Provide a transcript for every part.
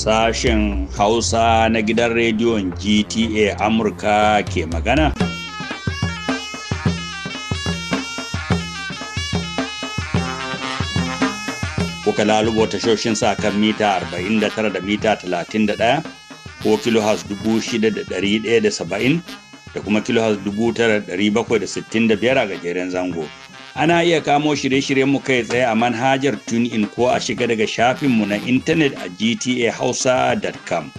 Sashen Hausa na gidan rediyon GTA Amurka ke magana. Kuka lalubo tashoshin sa kan mita 49 da mita 31 ko kilohas 6,170 da kuma kilohas 9,765 a gajeren zango. ana iya kamo shirye-shiryenmu kai tsaye a manhajar in ko a shiga daga shafinmu na intanet a gtahausa.com.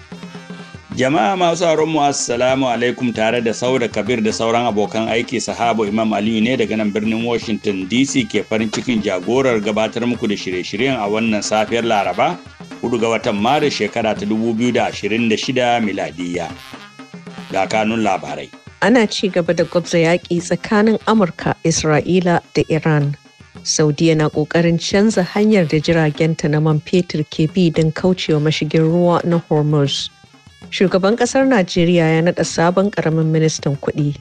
Jama'a masu mu assalamu alaikum tare da Sauda Kabir da sauran abokan aiki sahabo Imam Aliyu ne daga nan birnin Washington DC ke farin cikin jagorar gabatar muku da shirye-shiryen a wannan safiyar Laraba, hudu ga watan Maris shekara ta 2026 miladiya. Ga kanun labarai. ana ci gaba da gwabza yaƙi tsakanin amurka isra'ila da iran saudiya na ƙoƙarin canza hanyar da jiragenta na man fetur ke bi don kaucewa mashigin ruwa na hormuz shugaban ƙasar najeriya ya naɗa sabon ƙaramin ministan kuɗi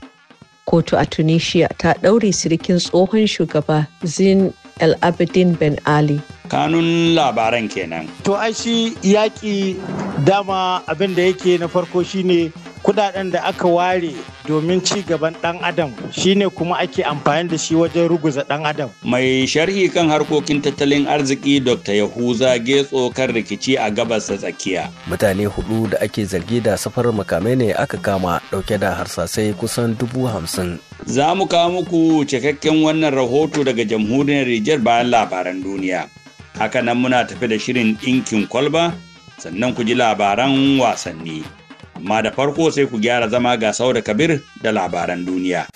kotu a tunisia ta ɗaure sirikin tsohon shugaba zin el abidin ben ali kanun labaran kenan to ai shi yaƙi dama abin da yake na farko shine kudaden da aka ware domin ci gaban ɗan adam shine kuma ake amfani da shi wajen ruguza ɗan adam. Mai sharhi kan harkokin tattalin arziki Dr. Yahuza Getso kan rikici a gabas da tsakiya. Mutane hudu da ake zargi da safar makamai ne aka kama ɗauke da harsasai kusan dubu hamsin. Za mu kawo muku cikakken wannan rahoto daga jamhuriyar Rijiyar bayan labaran duniya. Hakanan muna tafi da shirin ɗinkin kwalba sannan ku ji labaran wasanni. amma da farko sai ku gyara zama ga sau da kabir da labaran duniya.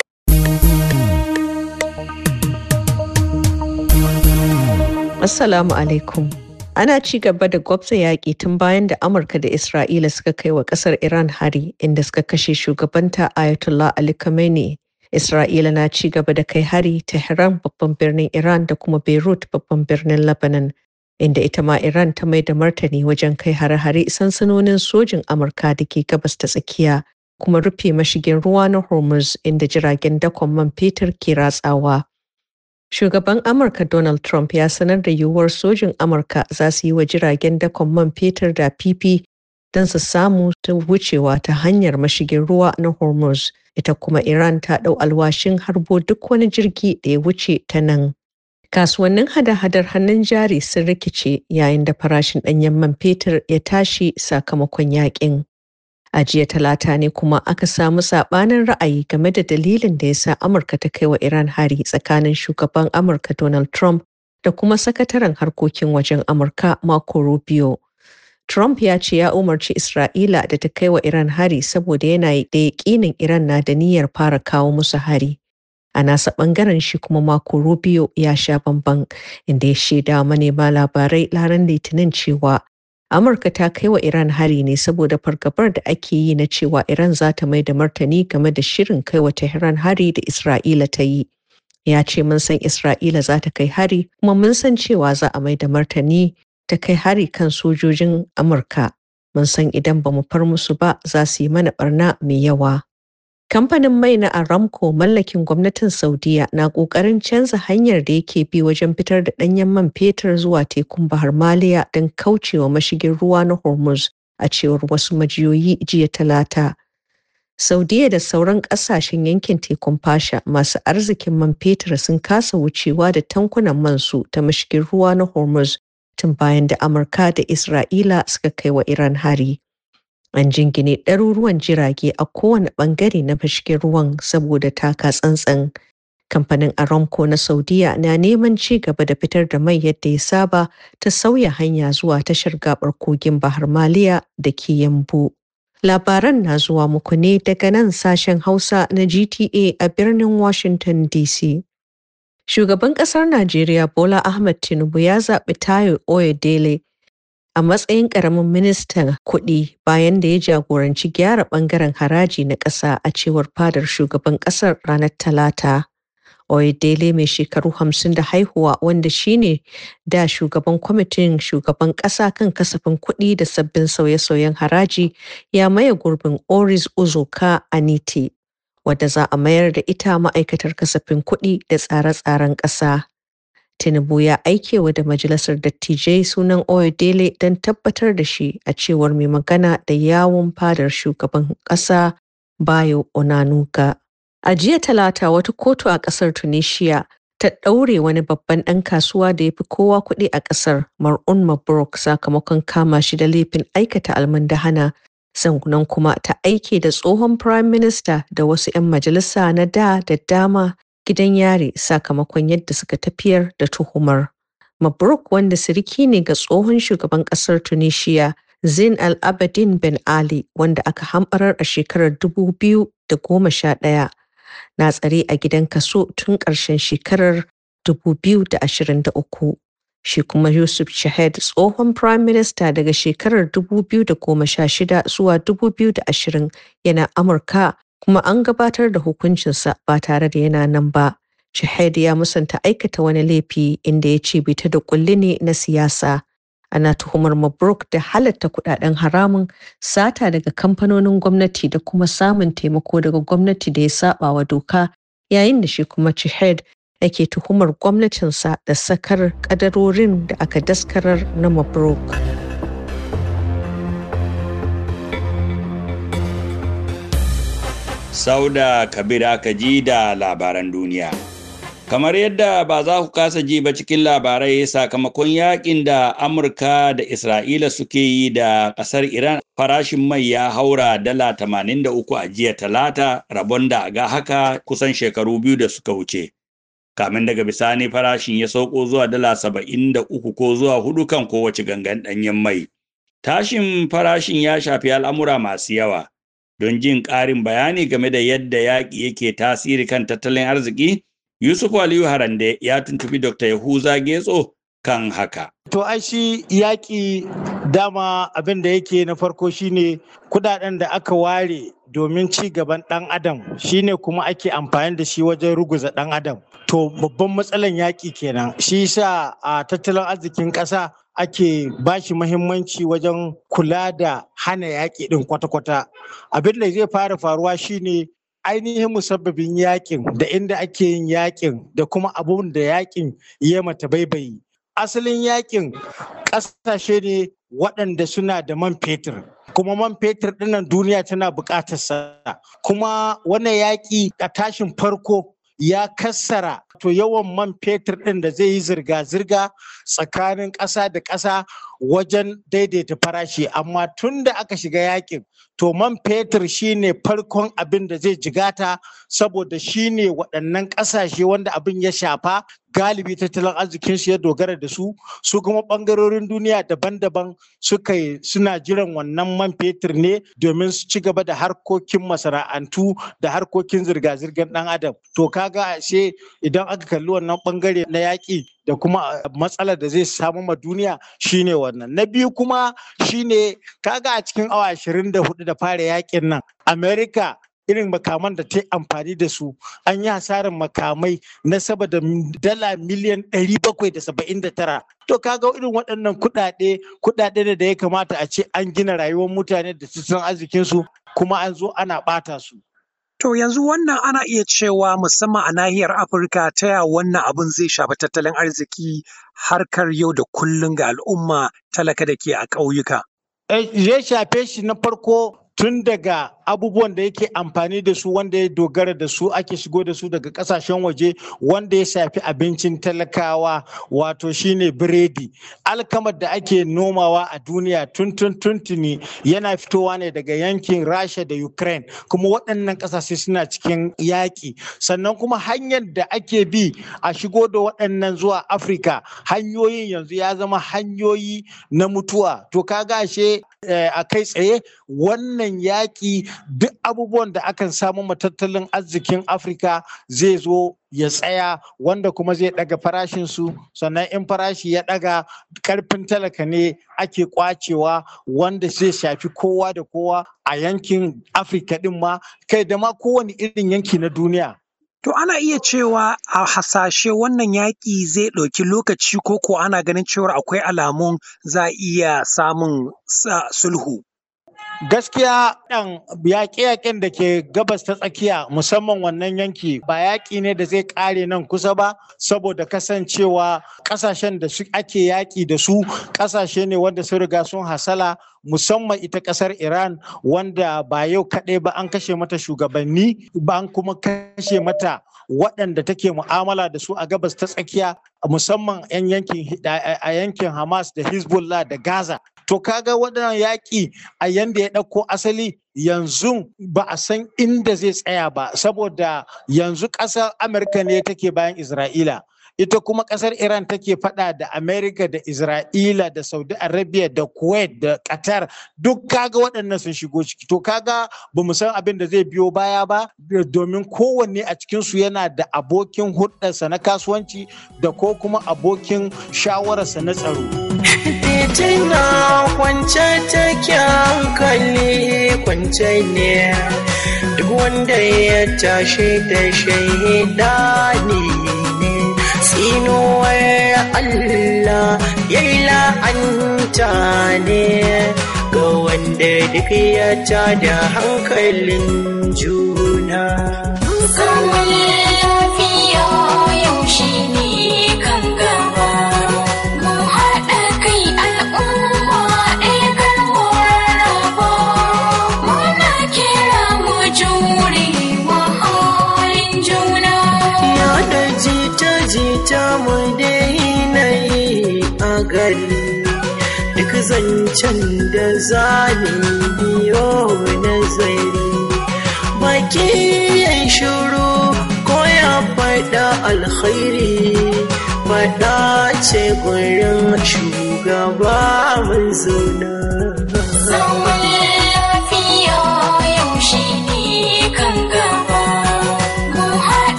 Assalamu alaikum. Ana ci gaba da gwabza yaƙi tun bayan da Amurka da Isra'ila suka kai wa ƙasar Iran hari inda suka kashe shugabanta Ayatollah Ali Khamenei. Isra'ila na ci gaba da kai hari Tehran babban birnin Iran da kuma Beirut babban birnin Lebanon. inda ita ma Iran ta mai da martani wajen kai hare-hare sansanonin sojin Amurka da ke gabas ta tsakiya kuma rufe mashigin ruwa na Hormuz inda jiragen dakon man fetur ke ratsawa. Shugaban Amurka Donald Trump ya sanar da yiwuwar sojin Amurka za su yi wa jiragen dakon man fetur da fifi don su samu ta wucewa ta hanyar mashigin ruwa na Hormuz. Ita kuma Iran ta ɗau alwashin harbo duk wani jirgi da ya wuce ta nan. Kasuwannin hada-hadar hannun jari sun rikice yayin da farashin ɗanyen man fetur ya tashi sakamakon yaƙin. A jiya talata ne kuma aka samu saɓanin ra'ayi game da dalilin da ya sa Amurka ta kai wa Iran hari tsakanin shugaban Amurka Donald Trump da kuma sakataren harkokin wajen Amurka Marco Rubio. Trump ya ce ya umarci Isra'ila da ta kai wa Iran hari saboda yana da yaƙinin Iran na da niyyar fara kawo musu hari. a nasa bangaren shi kuma mako rubio ya sha bamban inda ya shaida manema labarai laran litinin cewa amurka ta kai wa iran hari ne saboda fargabar da ake yi na cewa iran za ta mai da martani game da shirin kai wa tehran hari da isra'ila ta yi ya ce mun san isra'ila za ta kai hari kuma mun san cewa za a mai da martani ta kai hari kan sojojin amurka mun san idan ba mu far musu ba za su yi mana barna mai yawa Kamfanin mai na Aramco mallakin gwamnatin Saudiyya, na ƙoƙarin canza hanyar da yake bi wajen fitar da ɗanyen man fetur zuwa tekun Bahar Maliya don kaucewa mashigin ruwa na Hormuz a cewar wasu majiyoyi jiya talata. Saudiyya da sauran ƙasashen yankin tekun fasha masu arzikin man fetur sun kasa wucewa da tankunan mansu ta mashigin ruwa na Hormuz tun bayan da Amurka da Isra'ila suka kai wa Iran hari. an jingine ɗaruruwan jirage a kowane ɓangare na fashkin ruwan saboda taka tsantsan kamfanin aramco na saudiya na neman ci gaba da fitar da mai yadda ya saba ta sauya hanya zuwa tashar gabar kogin bahar maliya da ke yambu labaran na zuwa muku ne daga nan sashen hausa na gta a birnin washington dc shugaban ƙasar najeriya bola ahmed tinubu ya zaɓi tayo oyedele a matsayin ƙaramin ministan kuɗi bayan da ya jagoranci gyara ɓangaren haraji na ƙasa a cewar fadar shugaban ƙasar ranar Talata. Oyedele mai shekaru hamsin da haihuwa wanda shine da shugaban kwamitin shugaban ƙasa kan kasafin kuɗi da sabbin sauye-sauyen haraji ya maye gurbin Oris Uzoka Aniti, wadda za a mayar da ita ma'aikatar kasafin kuɗi da tsare-tsaren ƙasa. Tinubu ya aikewa da majalisar dattijai sunan Oyedele don tabbatar da shi a cewar mai magana da yawon fadar shugaban ƙasa Bayo Onanuga. A jiya talata wata kotu a ƙasar Tunisia ta ɗaure wani babban ɗan kasuwa da ya fi kowa kuɗi a ƙasar Mar'un Mabrok sakamakon kama shi da laifin aikata almundahana sannan kuma ta aike da tsohon Prime Minister da wasu 'yan majalisa na da da dama gidan yari sakamakon yadda suka tafiyar da tuhumar. Mabruk wanda siriki ne ga tsohon shugaban kasar Tunisia Zin al-Abidin Ben Ali wanda aka hamɓarar a shekarar sha 2011 na tsare a gidan kaso tun ƙarshen shekarar 2023. Shi kuma Yusuf Shahed tsohon Prime Minister daga shekarar 2016 zuwa 2020 yana Amurka kuma an gabatar da hukuncinsa ba tare da yana nan ba. Shahid ya musanta aikata wani laifi inda ya ce bita da kulli ne na siyasa. Ana tuhumar Mabruk da halatta kuɗaɗen haramun sata daga kamfanonin gwamnati da kuma samun taimako daga gwamnati da ya saba wa doka yayin da shi kuma chihed yake tuhumar gwamnatinsa da sakar kadarorin da aka daskarar na Mabruk. Sau Sauda Kabir ka ji da labaran duniya. Kamar yadda ba za ku kasa ji ba cikin labarai sakamakon yakin da Amurka da Isra'ila suke yi da ƙasar Iran farashin mai ya haura dala uku a jiya talata rabon da ga haka kusan shekaru biyu da suka wuce. Kamin daga bisani farashin ya sauko zuwa dala saba'in 73 ko zuwa hudu kan kowace gangan ɗanyen mai. Tashin farashin ya shafi al'amura masu yawa. don jin ƙarin bayani game da yadda yaƙi yake tasiri kan tattalin arziki yusuf aliyu harande ya tuntubi dr yahuza getso kan haka to ai shi yaƙi dama abin da yake na farko shine kudaden da aka ware domin ci gaban ɗan adam shine kuma ake amfani da shi wajen ruguza ɗan adam to babban matsalan yaƙi kenan shi sa a tattalin arzikin ƙasa ake bashi mahimmanci wajen kula da hana yaƙi ɗin kwata-kwata abin da zai fara faruwa shine ainihin musabbabin yaƙin, da inda ake yin yaƙin, da kuma abun da yaƙin ya mata baibayi asalin yaƙin ƙasashe ne waɗanda suna da man fetur kuma man fetur ɗinnan duniya tana buƙatarsa kuma wannan yaƙi a tashin farko ya kassara to yawan man fetur ɗin da zai yi zirga-zirga tsakanin ƙasa da ƙasa wajen daidaita farashi amma tun da aka shiga yakin to man fetur shine farkon abin da zai jigata saboda shine waɗannan ƙasashe wanda abin ya shafa galibi tattalin arzikin arzikinsu ya dogara da su su kuma ɓangarorin duniya daban-daban suka yi suna jiran wannan man fetur ne domin su ci gaba da harkokin masana'antu da harkokin zirga-zirgar ɗan adam to kaga ashe idan aka kalli wannan ɓangare na yaƙi da kuma matsalar da zai samu ma duniya shine wannan na biyu kuma shine kaga a cikin awa 24 da fara yakin nan Amerika, irin makaman da ta yi amfani da su an yi hasarar makamai na saba da dala miliyan 779 to kaga irin waɗannan kuɗaɗe kuɗaɗe ne da ya kamata a ce an gina rayuwar mutane da su tattalin arzikinsu kuma an zo ana ɓata su To yanzu wannan ana iya cewa musamman a nahiyar Afirka ta ya wannan abun zai shafi tattalin arziki harkar yau da kullum ga al'umma talaka da ke a ƙauyuka? Eh, zai shafe shi na farko tun daga abubuwan da yake amfani da su wanda ya dogara da su ake shigo da su daga kasashen waje wanda ya shafi abincin talakawa wato shine biredi alkamar da ake nomawa a duniya tuntun tuntuni yana fitowa ne daga yankin rasha da ukraine kuma waɗannan ƙasashe suna cikin yaƙi sannan kuma hanyar da ake bi a shigo da waɗannan zuwa afirka hanyoyin yanzu ya zama hanyoyi na mutuwa to kaga ashe eh, a kai tsaye wannan wannan yaƙi duk abubuwan da akan samu matattalin arzikin afirka zai zo ya tsaya wanda kuma zai daga farashinsu sannan in farashi ya ɗaga karfin talaka ne ake kwacewa wanda zai shafi kowa da kowa a yankin afirka din ma kai da ma kowane irin yanki na duniya To ana iya cewa a hasashe wannan yaƙi zai ɗauki lokaci ko ko ana ganin cewar akwai alamun za a iya samun sulhu. Gaskiya ɗan yaƙe-yaƙen da ke gabas ta tsakiya musamman wannan yanki ba yaƙi ne da zai ƙare nan kusa ba saboda kasancewa ƙasashen da ake yaƙi da su ƙasashe ne wanda sun riga sun hasala musamman ita ƙasar Iran wanda ba yau kaɗai ba an kashe mata shugabanni ba an kuma kashe mata waɗanda take mu'amala da su a gabas ta tsakiya musamman a yankin Hamas da Hezbollah da Gaza to kaga waɗannan yaƙi a yanda ya ɗauko asali yanzu ba a san inda zai tsaya ba saboda yanzu ƙasar amurka ne take bayan isra'ila ita kuma kasar iran take fada da america da isra'ila da saudi arabia da kuwait da qatar duk kaga waɗannan sun shigo ciki to kaga ba mu san abin da zai biyo baya ba domin kowanne a cikinsu yana da abokin hulɗarsa na kasuwanci da ko kuma abokin shawararsa na tsaro tana kwance ta kwance ne duk wanda ya tashi da shaida ne sino Allah ya la'anta ne ga wanda duk ya da hankalin juna. Musamman gari duk zancen da zanen biyo nazari baki yan shuru ko ya faɗa alkhairi faɗa ce gurin shugaba mai zauna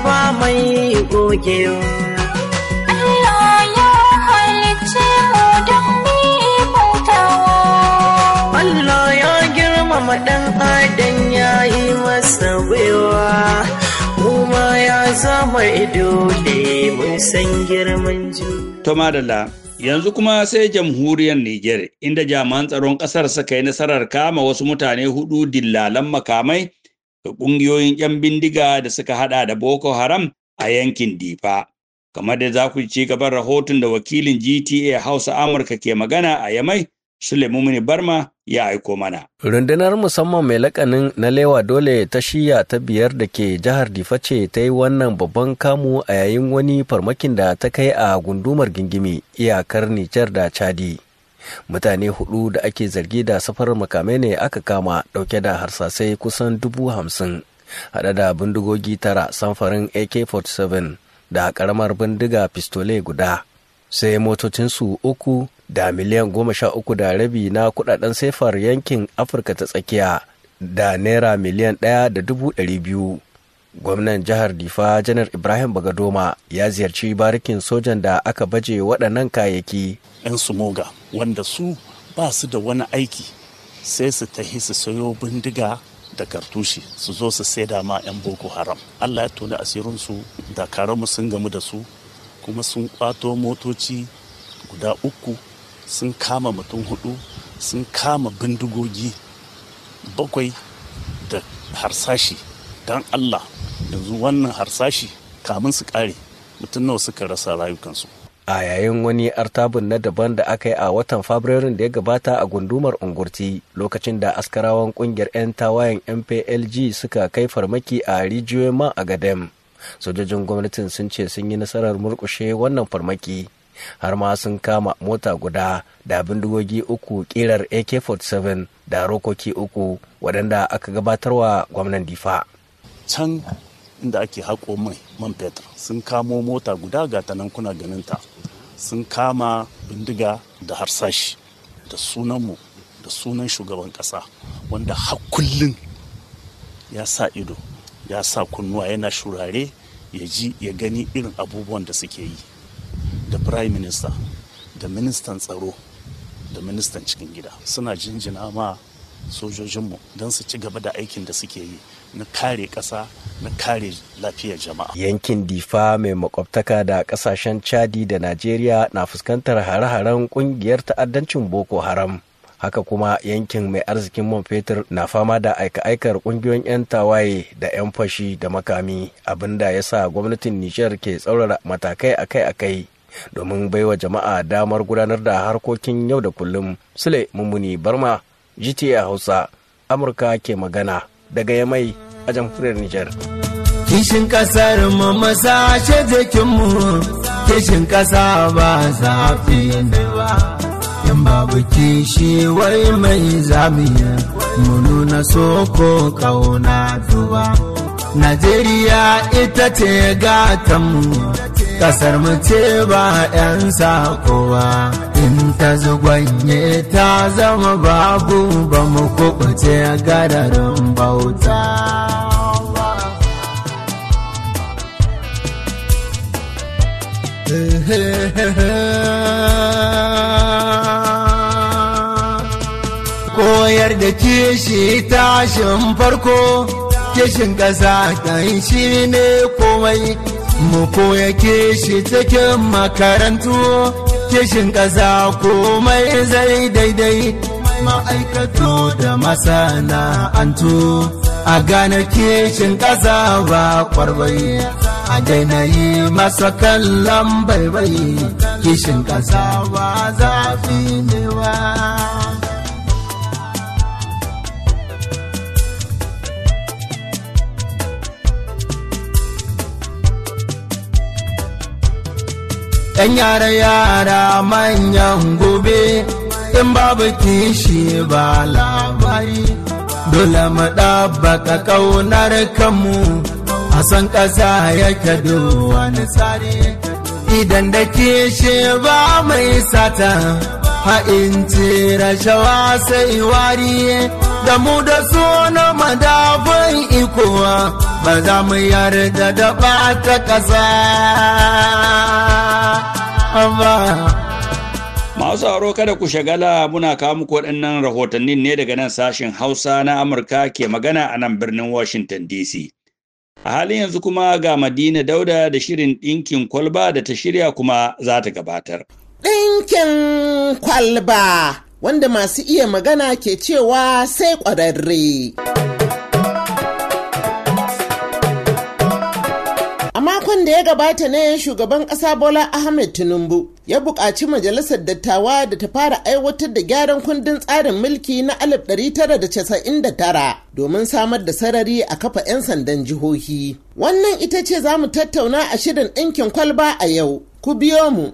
ba mai gogewa. Allah ya ya yi masa gwiwa. Kuma ya zama ido da mun san girman juna. To madalla, Yanzu kuma sai jamhuriyar Nijar, inda jami'an tsaron ƙasar suka yi nasarar kama wasu mutane hudu dillalan makamai da ƙungiyoyin 'yan bindiga da suka hada da Boko Haram a yankin Difa. Kamar da za ku ci gaban rahoton da wakilin GTA Hausa Amurka ke magana a Yamai, Suleimani Barma ya aiko mana. Rundunar musamman mai lakanin na lewa dole ta shiya ta biyar da ke jihar Difa ce ta yi wannan babban kamu a yayin wani farmakin da ta kai a gundumar gingimi iyakar Nijar da Chadi. mutane hudu da ake zargi da safarar makamai ne aka kama dauke da harsasai kusan dubu hamsin hada da bindigogi tara samfarin ak-47 da karamar bindiga pistole guda sai motocinsu uku da miliyan goma sha uku da rabi na kudaden saifar yankin afirka ta tsakiya da naira miliyan ɗaya da dubu ɗari biyu gwamnan jihar difa janar ibrahim bagadoma ya ziyarci barikin sojan da aka baje waɗannan kayayyaki 'yan sumoga wanda su ba su da wani aiki sai su tahi su sayo bindiga da kartushi su zo su saida ma 'yan boko haram allah ya tona asirinsu karamu sun gamu da su kuma sun kwato motoci guda uku sun kama mutum hudu sun kama bindigogi bakwai da harsashi don allah yanzu wannan harsashi kamun su kare mutum nawa suka rasa rayukansu a yayin wani artabun na daban da aka yi a watan fabrairun da ya gabata a gundumar ungurti lokacin da askarawan kungiyar 'yan tawayen mplg suka kai farmaki a rijiyoyin a gadem sojojin gwamnatin sun ce sun yi nasarar murkushe wannan farmaki har ma sun kama mota guda da bindigogi uku kirar ak-47 da rokoki uku waɗanda aka gabatarwa gwamnan difa can inda ake haƙo mai man fetur sun kamo mota guda ga ta nan kuna ganinta sun kama bindiga da harsashi da sunanmu da sunan shugaban ƙasa wanda har kullum ya sa ido ya sa kunnuwa yana shurare ya ji ya gani irin abubuwan da suke yi da prime minister da ministan tsaro da ministan cikin gida suna jinjina ma sojojinmu don su ci gaba da aikin da suke yi na kare ƙasa na kare lafiyar jama'a. Yankin Difa mai makwabtaka da kasashen Chadi da Najeriya na fuskantar hare-haren kungiyar ta'addancin Boko Haram. Haka kuma yankin mai arzikin man fetur na fama da aika-aikar ƙungiyoyin 'yan tawaye da 'yan fashi da makami abinda ya sa gwamnatin Nijar ke tsaurara matakai akai-akai domin baiwa jama'a damar gudanar da harkokin yau da kullum. Sule Mummuni Barma, GTA Hausa, Amurka ke magana. daga Yamai a jamhuriyar Nijar. Kishin kasar mu masashe jikinmu, kishin kasa ba zafi ba. in babu kishi wai mai zamiya mu nuna soko kauna duba Najeriya ita ce gatanmu kasar mu ce ba 'yan sako in ta zugwanye ta zama babu ba mu kubuce gararin bauta koyar da kishi tashin farko kishin ƙasa kan shi ne komai mu koya shi cikin makarantu kishin ƙasa komai zai daidai ma'aikatu da masana'antu a gane kishin ƙasa ba kwarbai a daina yi masa kallon baibai kishin ƙasa ba zafi ne ba 'yan yara yara manyan gobe in babu kishi ba labari dole mu ɗabbaka ƙaunar kanmu a san ƙasa kado wani tsari idan da kishi ba mai sata ce rashawa sai wari da mu da suna madafin ikowa ba za mu yarda da ɓata ƙasa ba. Masu aro kada ku shagala muna kawo muku waɗannan rahotannin ne daga nan sashen Hausa na Amurka ke magana a nan birnin Washington DC. A halin yanzu kuma ga Madina Dauda da shirin ɗinkin kwalba da ta shirya kuma za ta gabatar. Ɗinkin kwalba wanda masu iya magana ke cewa sai ƙwararre. da ya gabata ne shugaban ƙasa Bola Ahmed Tinubu ya buƙaci majalisar dattawa da ta fara aiwatar da gyaran kundin tsarin mulki na 1999 domin samar da sarari a kafa 'yan sandan jihohi. Wannan ita ce za mu tattauna a shirin ɗinkin kwalba a yau. Ku biyo mu.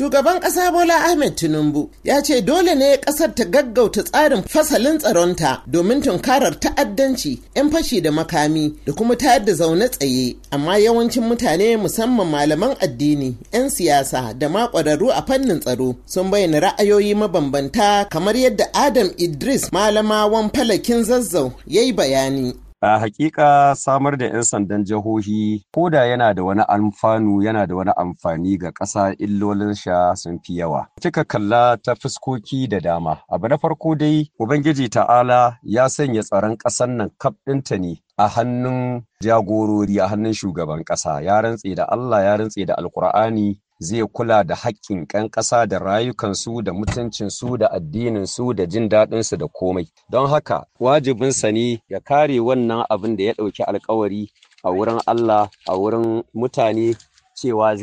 Shugaban ƙasa Bola Ahmed Tinubu ya ce dole ne ƙasar ta gaggauta tsarin fasalin tsaronta domin tunkarar ta'addanci, 'yan fashi da makami da kuma tayar da zaune tsaye. Amma yawancin mutane musamman malaman addini, 'yan siyasa da ma ƙwararru a fannin tsaro sun bayyana ra'ayoyi mabambanta kamar yadda Adam Idris malamawan falakin zazzau ya yi bayani. A haƙiƙa, samar da 'yan sandan jihohi ko da yana da wani alfanu yana da wani amfani ga ƙasa illolin sha sun fi yawa. Kika kalla ta fuskoki da dama. Abu na farko dai Ubangiji Ta'ala ya sanya tsaron ƙasan nan kaf ɗinta ne a hannun jagorori a hannun shugaban ƙasa ya rantse da Allah ya rantse da Alkur'ani zai kula da haƙƙin ƙan ƙasa da rayukansu da mutuncinsu da addininsu da jin daɗinsu da komai don haka wajibinsa ne ya kare wannan abin da ya ɗauki alkawari a wurin Allah a wurin mutane cewa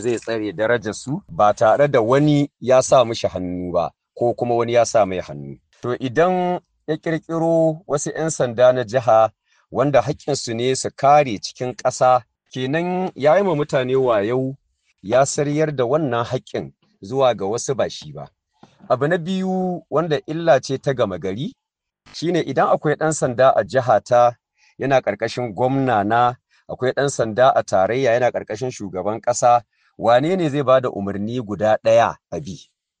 zai tsare darajarsu ba tare da wani ya sa mishi hannu ba ko kuma wani ya sa mai hannu to idan ya ƙirƙiro wasu 'yan sanda na jiha wanda haƙƙinsu ne su kare cikin ƙasa kenan ya yi ma mutane wayau ya saryar da wannan haƙƙin zuwa ga wasu ba shi ba. Abu na biyu wanda illa ce ta gama gari shine idan akwai ɗan sanda a jiha ta yana ƙarƙashin gwamna na akwai ɗan sanda a tarayya yana ƙarƙashin shugaban ƙasa wane ne zai ba da umarni guda ɗaya a bi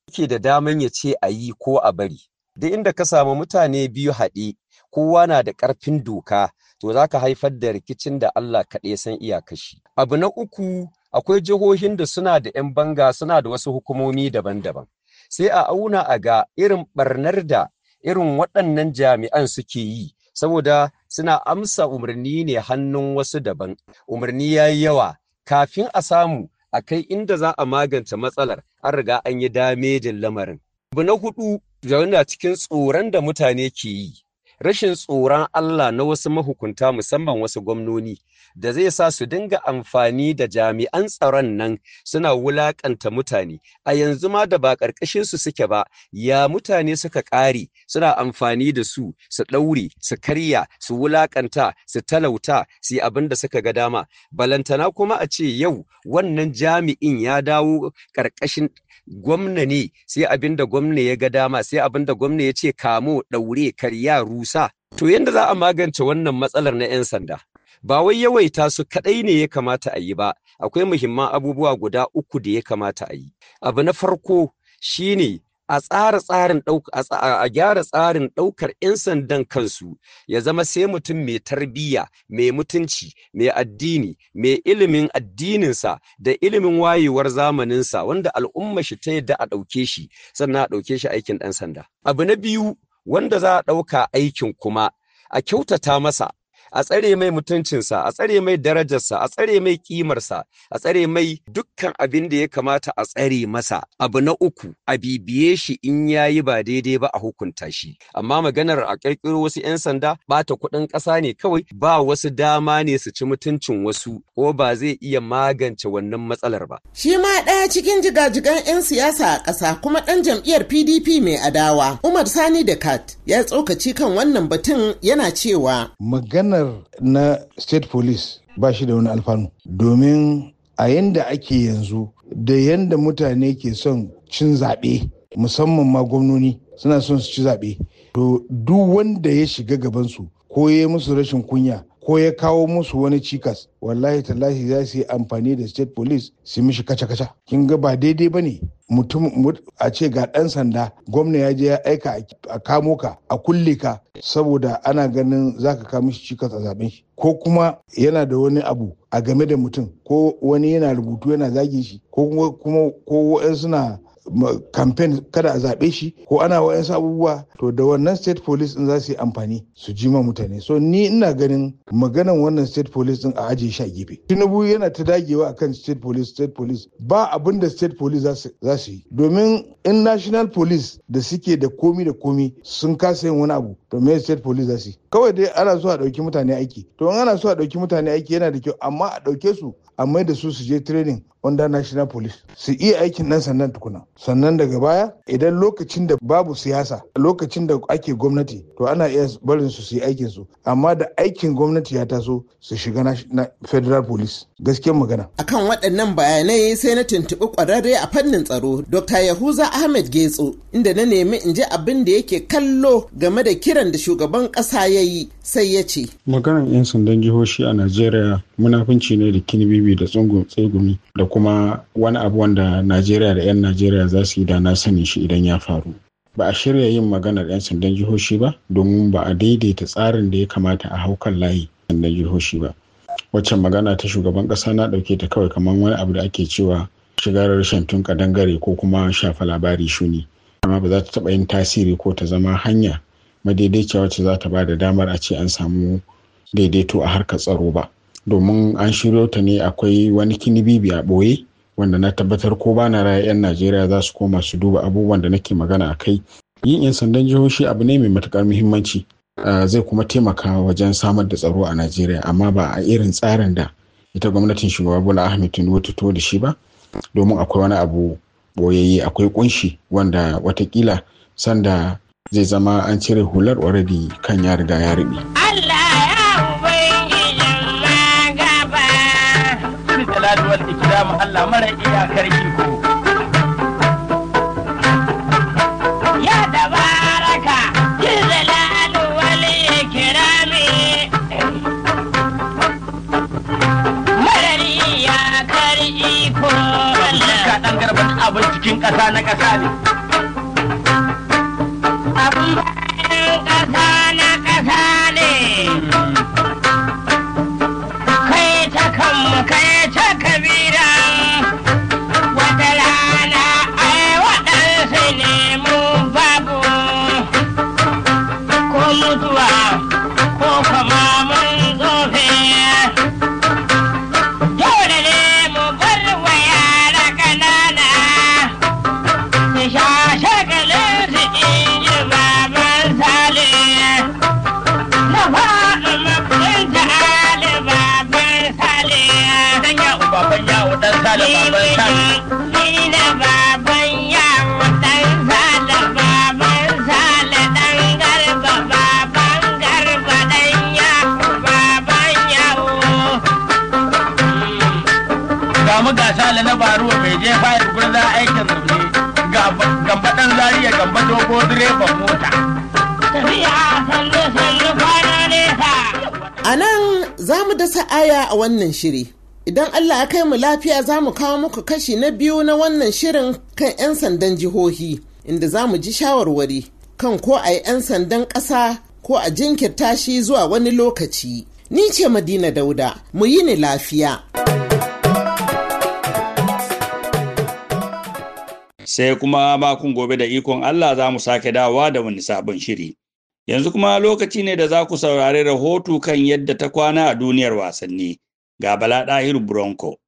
yake da daman ya ce a yi ko a bari duk inda ka samu mutane biyu haɗe kowa na da ƙarfin doka to za ka haifar da rikicin da Allah kaɗai san iyakashi. Abu na uku akwai jihohin da suna da 'yan banga suna da wasu hukumomi daban-daban. Sai a auna a ga irin ɓarnar da irin waɗannan jami'an suke yi saboda suna amsa umarni ne hannun wasu daban. Umarni ya yi yawa kafin a samu a kai inda za a magance matsalar an riga an yi damejin lamarin. Abu na hudu na cikin tsoron da mutane ke yi. rashin tsoron Allah na wasu mahukunta musamman wasu gwamnoni da zai sa su dinga amfani da jami'an tsaron nan suna wulakanta mutane a yanzu ma da ba ƙarƙashin su suke ba ya mutane suka ƙare suna amfani da su su ɗaure su karya su wulakanta su talauta su yi abin da suka ga dama balantana kuma a ce yau wannan jami'in ya dawo ƙarƙashin gwamna ne sai abin da gwamna ya ga dama sai abin da gwamna ya ce kamo daure, karya rusa to yadda za a magance wannan matsalar na 'yan sanda ba wai yawaita su kadai ne ya kamata a yi ba akwai muhimman abubuwa guda uku da ya kamata a yi abu na farko shine a tsara tsarin a gyara tsarin ɗaukar 'yan sandan kansu ya zama sai mutum mai tarbiyya mai mutunci mai addini mai ilimin addininsa da ilimin wayewar zamaninsa wanda al'umma shi ta yadda a ɗauke shi sannan a ɗauke shi aikin ɗan sanda abu na biyu wanda za a ɗauka aikin kuma a kyautata masa a tsare mai mutuncinsa a tsare mai darajarsa a tsare mai kimarsa a tsare mai dukkan abin da ya kamata a tsare masa abu na uku a bibiye shi in ya yi ba daidai ba a hukunta shi amma maganar a ƙirƙiro wasu 'yan sanda bata kuɗin ƙasa ne kawai ba wasu dama ne su ci mutuncin wasu ko ba zai iya magance wannan matsalar ba shi ma ɗaya cikin jigajigan 'yan siyasa a ƙasa kuma ɗan jam'iyyar pdp mai adawa umar sani da kat ya tsokaci kan wannan batun yana cewa maganar maganar na state police ba shi da wani alfanu domin a yanda ake yanzu da yanda mutane ke son cin zaɓe musamman ma gwamnoni suna son su ci zaɓe to duk wanda ya shiga gabansu ko ya musu rashin kunya ko ya kawo musu wani cikas wallahi tallahi za su yi amfani da state police su mishi kaca-kaca kin ga ba daidai ba ne mutum a ce ga ɗan sanda gwamna ya je ya aika a kamo ka a kulle ka saboda ana ganin za ka kawo mishi cikas a zaben shi ko kuma yana da wani abu a game da mutum ko wani yana rubutu yana zagin shi ko kuma ko suna kamfen kada a zaɓe shi ko ana wa'yansu abubuwa to da wannan state police din za su yi amfani su ji ma mutane so ni ina ganin maganan wannan state police din a ajiye shi a gefe tinubu yana ta dagewa akan state police state police ba abin da state police za su yi domin in national police da suke da komi da komi sun kasa yin wani abu to me state police za su yi kawai dai ana so a ɗauki mutane aiki to in ana so a ɗauki mutane aiki yana da kyau amma a ɗauke su a mai da su su je training under national police su iya aikin nan sannan tukuna sannan daga baya idan lokacin da babu siyasa lokacin da ake gwamnati to ana iya barin su yi aikin su amma da aikin gwamnati ya taso su shiga na federal police gaskiya magana akan waɗannan bayanai sai na tuntuɓi ƙwararre a fannin tsaro dr yahuza ahmed getso inda na nemi in ji abin da yake kallo game da kiran da shugaban ƙasa ya yi sai ya ce. Maganar 'yan sandan jihohi a Najeriya munafunci ne da kinibibi da tsegumi da kuma wani abu wanda Najeriya da 'yan Najeriya za su yi da na sani shi idan ya faru. Ba a shirya yin maganar 'yan sandan jihohi ba domin ba a daidaita tsarin da ya kamata a haukan layi sandan jihohi ba. Waccan magana ta shugaban ƙasa na ɗauke ta kawai kamar wani abu da ake cewa shigar shigarar shantun kadangare ko kuma shafa labari shuni. Amma ba za ta taɓa yin tasiri ko ta zama hanya madaidaiciya wacce za ta ba da damar a ce an samu daidaito a harkar tsaro ba domin an shiryo ta ne akwai wani kinibibi a ɓoye wanda na tabbatar ko ba na raya 'yan najeriya za su koma su duba abubuwan da nake magana a kai yin 'yan sandan jihohi abu ne mai matukar muhimmanci zai kuma taimaka wajen samar da tsaro a najeriya amma ba a irin tsarin da ita gwamnatin shugaba bola ahmed tinubu ta to da shi ba domin akwai wani abu boyayye akwai kunshi wanda watakila sanda zai zama an cire hular already kan ya riga ya rubi. Allah ya ubangijin magaba. Kul jalaluwal mu Allah mara iyakar iko. Ya tabaraka jin jalaluwal kirami. mara iyakar iko. Wannan ka ɗan garban abin cikin ƙasa na ƙasa ne. ali na baruwa mai je fayar gurza aikin zurfi gamba ɗan zariya gamba dogo direban mota. A nan za mu dasa aya a wannan shiri. Idan Allah ya kai mu lafiya za mu kawo muku kashi na biyu na wannan shirin kan 'yan sandan jihohi inda za mu ji shawarwari kan ko a yi 'yan sandan ƙasa ko a jinkirta shi zuwa wani lokaci. Ni ce Madina Dauda, mu yi ni lafiya. sai kuma makon gobe da ikon Allah za mu sake dawowa da wani sabon shiri. Yanzu kuma lokaci ne da za ku saurari rahoto kan yadda ta kwana a duniyar wasanni. Ga Bala Ɗahiru Bronco.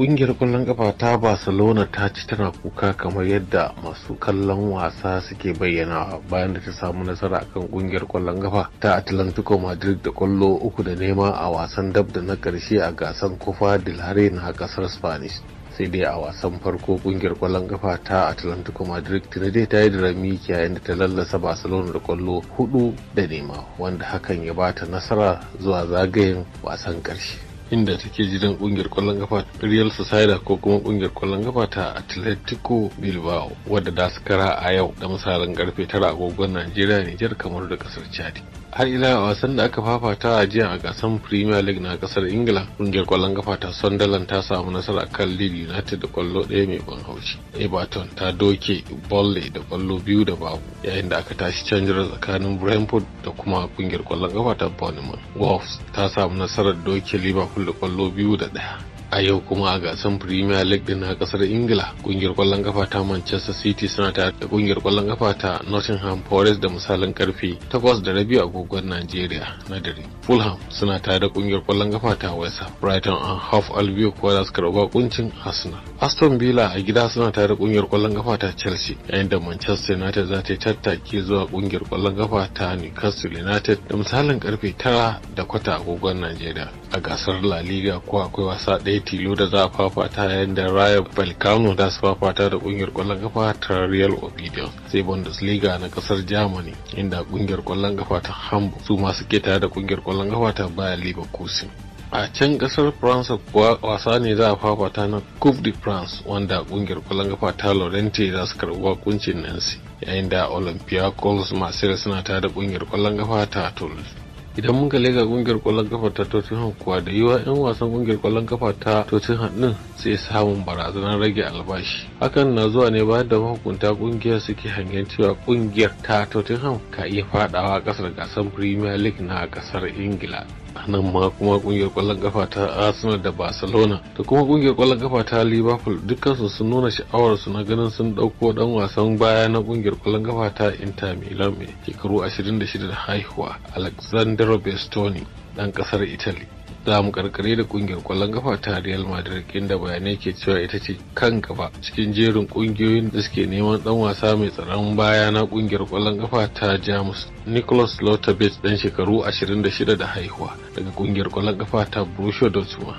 Ƙungiyar kwallon ƙafa ta Barcelona ta ci tana kuka kamar yadda masu kallon wasa suke bayyana bayan da ta samu nasara a kan ƙungiyar kwallon ƙafa ta Atlantico Madrid da kwallo uku da nema a wasan dab da na karshe a gasan Copa del Rey na ƙasar Spanish. sai dai a wasan farko kungiyar kwallon kafa ta atlantico madrid dai ta yi da rami yayin da ta lallasa barcelona da kwallo hudu da nema wanda hakan ya bata nasara zuwa zagayen wasan karshe inda take jiran kungiyar kwallon kafa Real Sociedad ko kuma kungiyar kwallon kafa ta Atletico Bilbao wadda da su kara a yau da misalin karfe tara agogon Najeriya Nijar kamar da kasar Chadi. har ila a wasan da aka fafata a jiya a gasar premier league na kasar ingila kungiyar kwallon kafa ta sunderland ta samu nasara kan leeds united da kwallo ɗaya mai ban haushi everton ta doke bolle da kwallo biyu da babu yayin da aka tashi canjar tsakanin brentford da kuma kungiyar kwallon kafa ta bournemouth wolves ta samu nasarar doke liverpool da kwallo biyu da ɗaya a yau kuma a gasar premier league din na kasar ingila kungiyar kwallon kafa ta manchester city suna tare da kungiyar kwallon kafa ta nottingham forest da misalin karfe 8 da rabi agogon nigeria na dare fulham suna ta da kungiyar kwallon kafa ta west brighton and half albion kuwa za su karɓa kuncin arsenal aston villa a gida suna ta da kungiyar kwallon kafa ta chelsea yayin da manchester united za ta yi tattaki zuwa kungiyar kwallon kafa ta newcastle united da misalin karfe 9 da kwata agogon nigeria a gasar la liga kuwa akwai wasa ɗaya tilo da za a fafata yayin da Rayo Vallecano da su fafata da kungiyar kwallon kafa ta Real Obedience sai Bundesliga na kasar Germany inda kungiyar kwallon kafa ta Hamburg su masu suke tare da kungiyar kwallon kafa ta Bayer Leverkusen a can kasar france kuwa wasa ne za a fafata na coupe de france wanda kungiyar kwallon kafa ta lorente za su karbi wakuncin nancy yayin da olympiacos marseille suna tare da kungiyar kwallon kafa ta toulouse idan muka lega kungiyar kwallon kafa ta Tottenham kuwa da yiwa 'yan wasan kungiyar kwallon kafa ta Tottenham din sai samun barazanar rage albashi hakan na zuwa ne bayan da mahukunta kungiyar suke hangen cewa kungiyar ta Tottenham ka iya fadawa kasar gasar Premier League na kasar Ingila a nan ma kuma kungiyar kwallon kafa ta arsenal da barcelona da kuma kungiyar kwallon kafa ta liverpool dukkansu sun nuna sha'awar su na ganin sun dauko dan wasan baya na kungiyar kwallon kafa ta inter milan mai shekaru 26 da haihuwa alexander bestoni dan kasar italy za mu karkare da kungiyar kwallon kafa ta Real Madrid inda bayanai ke cewa ita ce kan gaba cikin jerin kungiyoyin da suke neman dan wasa mai tsaron baya na kungiyar kwallon kafa ta Jamus Nicholas Lauterbach dan shekaru 26 da haihuwa daga kungiyar kwallon kafa ta Borussia Dortmund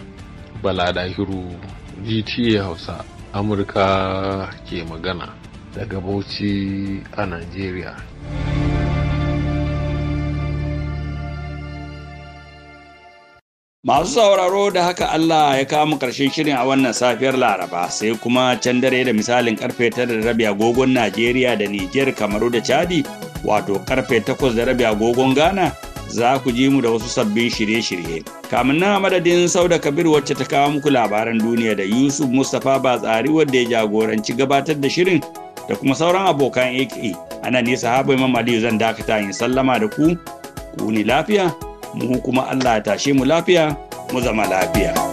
Bala hiru GTA Hausa Amurka ke magana daga Bauchi a Najeriya. Masu sauraro da haka Allah ya kama karshen shirin a wannan safiyar Laraba sai kuma can dare da misalin karfe tara da rabi agogon Najeriya da Nijar Kamaru da Chadi wato karfe takwas da rabi agogon Ghana za ku ji mu da wasu sabbin shirye-shirye. Kamin na madadin Sauda Kabir wacce ta kawo muku labaran duniya da Yusuf Mustapha Batsari wadda ya jagoranci gabatar da shirin da kuma sauran abokan aiki. Ana ne habu Imam Aliyu zan dakata in sallama da ku, ku ni lafiya. mu kuma Allah ya tashe mu lafiya mu zama lafiya.